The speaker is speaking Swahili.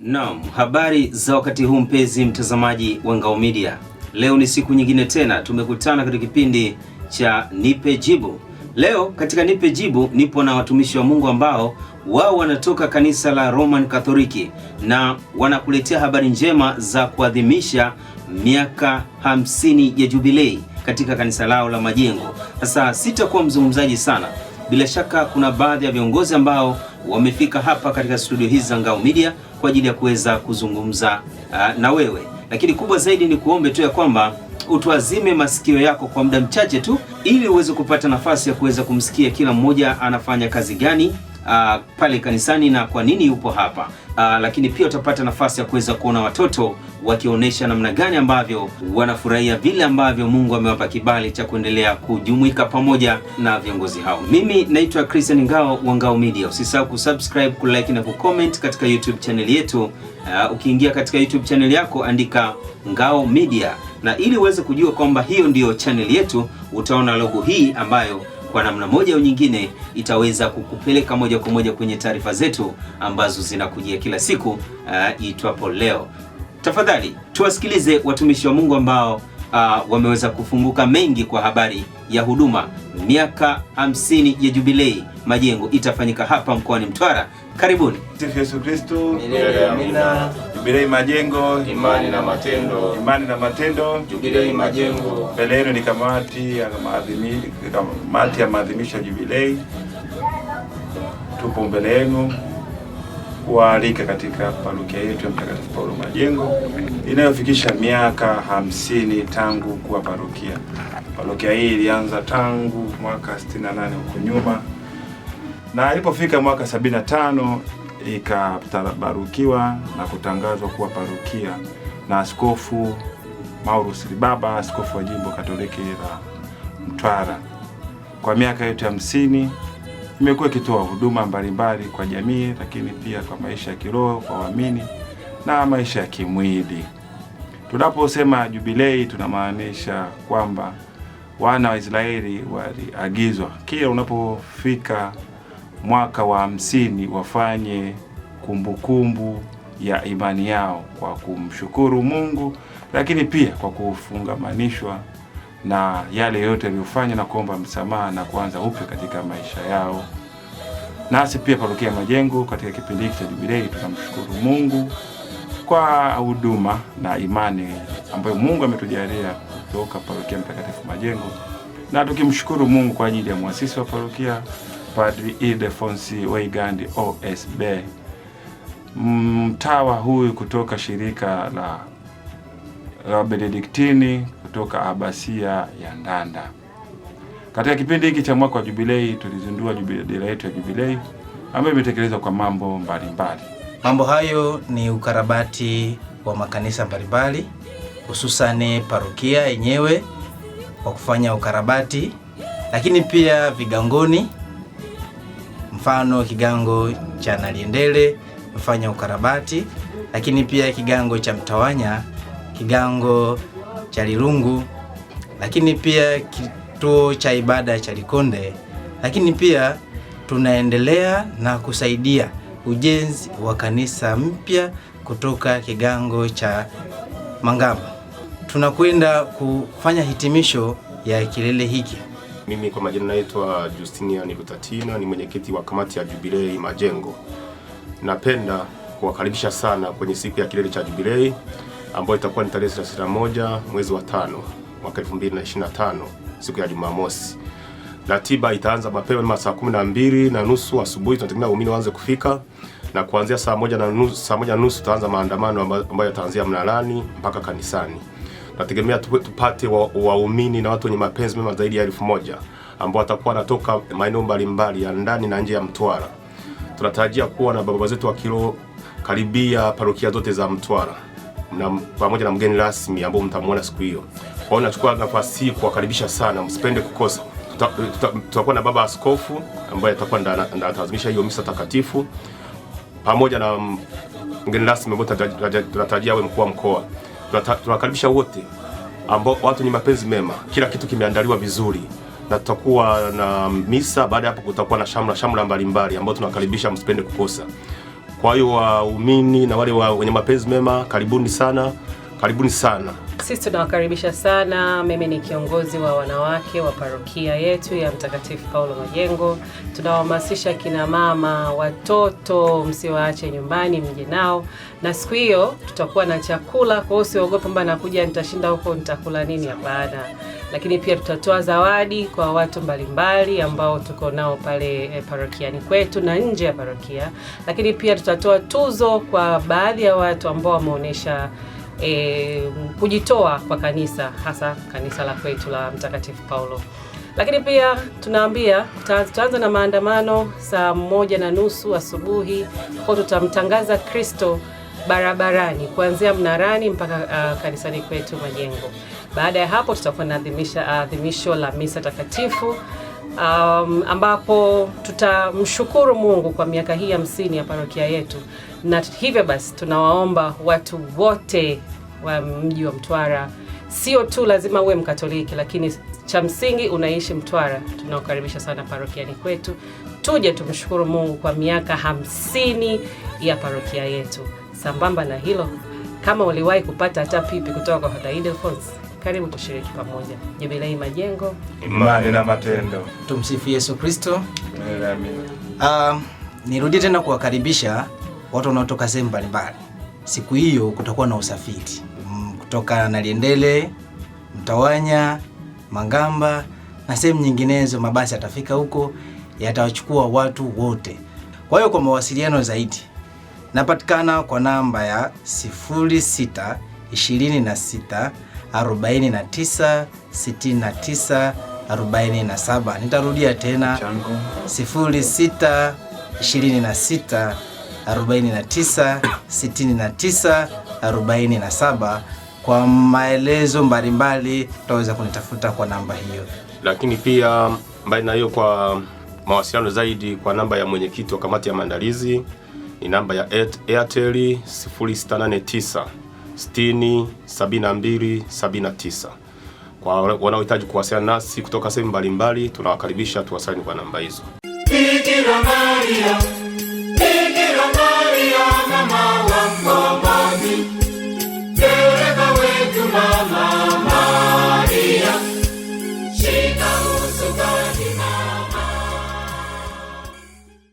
Naam, habari za wakati huu mpenzi mtazamaji wa Ngao Media. Leo ni siku nyingine tena tumekutana katika kipindi cha Nipe Jibu. Leo katika Nipe Jibu nipo na watumishi wa Mungu ambao wao wanatoka kanisa la Roman Katoliki na wanakuletea habari njema za kuadhimisha miaka hamsini ya jubilei katika kanisa lao la Majengo. Sasa sitakuwa mzungumzaji sana, bila shaka kuna baadhi ya viongozi ambao wamefika hapa katika studio hizi za Ngao Media kwa ajili ya kuweza kuzungumza uh, na wewe, lakini kubwa zaidi ni kuombe tu ya kwamba utwazime masikio yako kwa muda mchache tu, ili uweze kupata nafasi ya kuweza kumsikia kila mmoja anafanya kazi gani uh, pale kanisani na kwa nini yupo hapa uh, lakini pia utapata nafasi ya kuweza kuona watoto wakionyesha namna gani ambavyo wanafurahia vile ambavyo Mungu amewapa kibali cha kuendelea kujumuika pamoja na viongozi hao. Mimi naitwa Christian Ngao wa Ngao Media. Usisahau kusubscribe, kulike na kucomment katika YouTube channel yetu. Uh, ukiingia katika YouTube channel yako andika Ngao Media, na ili uweze kujua kwamba hiyo ndiyo channel yetu, utaona logo hii ambayo kwa namna moja au nyingine itaweza kukupeleka moja kwa moja kwenye taarifa zetu ambazo zinakujia kila siku uh, itwapo leo. Tafadhali tuwasikilize watumishi wa Mungu ambao uh, wameweza kufunguka mengi kwa habari ya huduma. Miaka hamsini ya Jubilei Majengo itafanyika hapa mkoani Mtwara. Karibuni. Yesu Kristo. amina. Jubilei Majengo, imani na matendo, imani na matendo. Jubilei Majengo. Mbele yenu ni kamati ya maadhimisho, kamati ya maadhimisho ya Jubilei, tupo mbele yenu kuwaalika katika parokia yetu ya Mtakatifu Paulo Majengo inayofikisha miaka hamsini tangu kuwa parokia. Parokia hii ilianza tangu mwaka 68 huko nyuma na ilipofika mwaka 75 ikatabarukiwa na kutangazwa kuwa parokia na Askofu Maurus Libaba, askofu wa jimbo Katoliki la Mtwara. Kwa miaka yote hamsini imekuwa ikitoa huduma mbalimbali kwa jamii, lakini pia kwa maisha ya kiroho kwa waamini na maisha ya kimwili. Tunaposema jubilei, tunamaanisha kwamba wana wa Israeli waliagizwa kila unapofika mwaka wa hamsini wafanye kumbukumbu kumbu ya imani yao kwa kumshukuru Mungu, lakini pia kwa kufungamanishwa na yale yote aliyofanya na kuomba msamaha na kuanza upya katika maisha yao. Nasi pia parokia Majengo katika kipindi hiki cha jubilei tunamshukuru Mungu kwa huduma na imani ambayo Mungu ametujalia kutoka parokia Mtakatifu Majengo, na tukimshukuru Mungu kwa ajili ya mwasisi wa parokia Padri Ildefonsi Weigand OSB, mtawa huyu kutoka shirika la wa Benediktini kutoka abasia ya Ndanda. Katika kipindi hiki cha mwaka wa jubilei tulizindua dira yetu ya jubilei ambayo imetekelezwa kwa mambo mbalimbali. Mambo hayo ni ukarabati wa makanisa mbalimbali, hususani parokia yenyewe kwa kufanya ukarabati, lakini pia vigangoni, mfano kigango cha Naliendele mfanya ukarabati, lakini pia kigango cha Mtawanya Kigango cha lirungu lakini pia kituo cha ibada cha Likonde, lakini pia tunaendelea na kusaidia ujenzi wa kanisa mpya kutoka Kigango cha mangama Tunakwenda kufanya hitimisho ya kilele hiki. Mimi kwa majina naitwa justinia Rutatina, ni mwenyekiti wa kamati ya Jubilei Majengo. Napenda kuwakaribisha sana kwenye siku ya kilele cha Jubilei ambayo itakuwa ni tarehe 31 mwezi wa tano mwaka 2025 siku ya Jumamosi. Ratiba itaanza mapema saa kumi na mbili na nusu asubuhi, tunategemea waumini waanze kufika na kuanzia saa moja na nusu, saa moja na nusu tutaanza maandamano ambayo yataanzia mnalani mpaka kanisani. Tunategemea tupate waumini wa na watu wenye mapenzi mema zaidi ya elfu moja ambao watakuwa wanatoka maeneo mbalimbali ya ndani na nje ya Mtwara. Tunatarajia kuwa na baba zetu wa kiroho karibia parokia zote za Mtwara na pamoja na mgeni rasmi ambao mtamwona siku hiyo. Kwa hiyo nachukua nafasi hii kuwakaribisha sana, msipende kukosa. Tutakuwa tuta, tuta na baba askofu ambaye atakuwa anatazimisha hiyo misa takatifu pamoja na mgeni rasmi ambao tunatarajia awe mkuu wa mkoa. Tunawakaribisha wote ambao watu ni mapenzi mema, kila kitu kimeandaliwa vizuri na tutakuwa na misa. Baada ya hapo, kutakuwa na shamra shamra mbalimbali ambao tunawakaribisha, msipende kukosa. Kwa hiyo waumini na wale wa wenye mapenzi mema, karibuni sana. Karibuni sana. Sisi tunawakaribisha sana. Mimi ni kiongozi wa wanawake wa parokia yetu ya Mtakatifu Paulo Majengo. Tunawahamasisha kina mama, watoto msiwaache nyumbani, mje nao, na siku hiyo tutakuwa na chakula. Kwa hiyo usiogope kwamba nakuja nitashinda huko nitakula nini, hapana. Lakini pia tutatoa zawadi kwa watu mbalimbali ambao tuko nao pale eh, parokiani kwetu na nje ya parokia, lakini pia tutatoa tuzo kwa baadhi ya watu ambao wameonyesha e, kujitoa kwa kanisa, hasa kanisa la kwetu la Mtakatifu Paulo. Lakini pia tunaambia tutaanza na maandamano saa moja na nusu asubuhi, kwa tutamtangaza Kristo barabarani kuanzia mnarani mpaka uh, kanisani kwetu Majengo. Baada ya hapo tutakuwa na adhimisho la misa takatifu um, ambapo tutamshukuru Mungu kwa miaka hii hamsini ya parokia yetu na hivyo basi tunawaomba watu wote wa mji wa Mtwara, sio tu lazima uwe Mkatoliki, lakini cha msingi unaishi Mtwara, tunaokaribisha sana parokiani kwetu, tuje tumshukuru Mungu kwa miaka hamsini ya parokia yetu. Sambamba na hilo, kama uliwahi kupata hata pipi kutoka kwa Father karibu tushiriki pamoja jubilei majengo, imani na matendo. Tumsifu Yesu Kristo. Amina. Ah, um, nirudie tena kuwakaribisha watu wanaotoka sehemu mbalimbali. Siku hiyo kutakuwa na usafiri mm, kutoka Naliendele, Mtawanya, Mangamba na sehemu nyinginezo. Mabasi yatafika huko, yatawachukua watu wote. Kwa hiyo kwa mawasiliano zaidi napatikana kwa namba ya 06 26 49 69 47. Nitarudia tena 06 26 49 Kwa maelezo mbalimbali utaweza kunitafuta kwa namba hiyo, lakini pia mbali na hiyo, kwa mawasiliano zaidi kwa namba ya mwenyekiti wa kamati ya maandalizi ni namba ya Airtel 0689 Kwa wanaohitaji kuwasiliana nasi kutoka sehemu mbalimbali, tunawakaribisha tuwasiliane kwa namba hizo.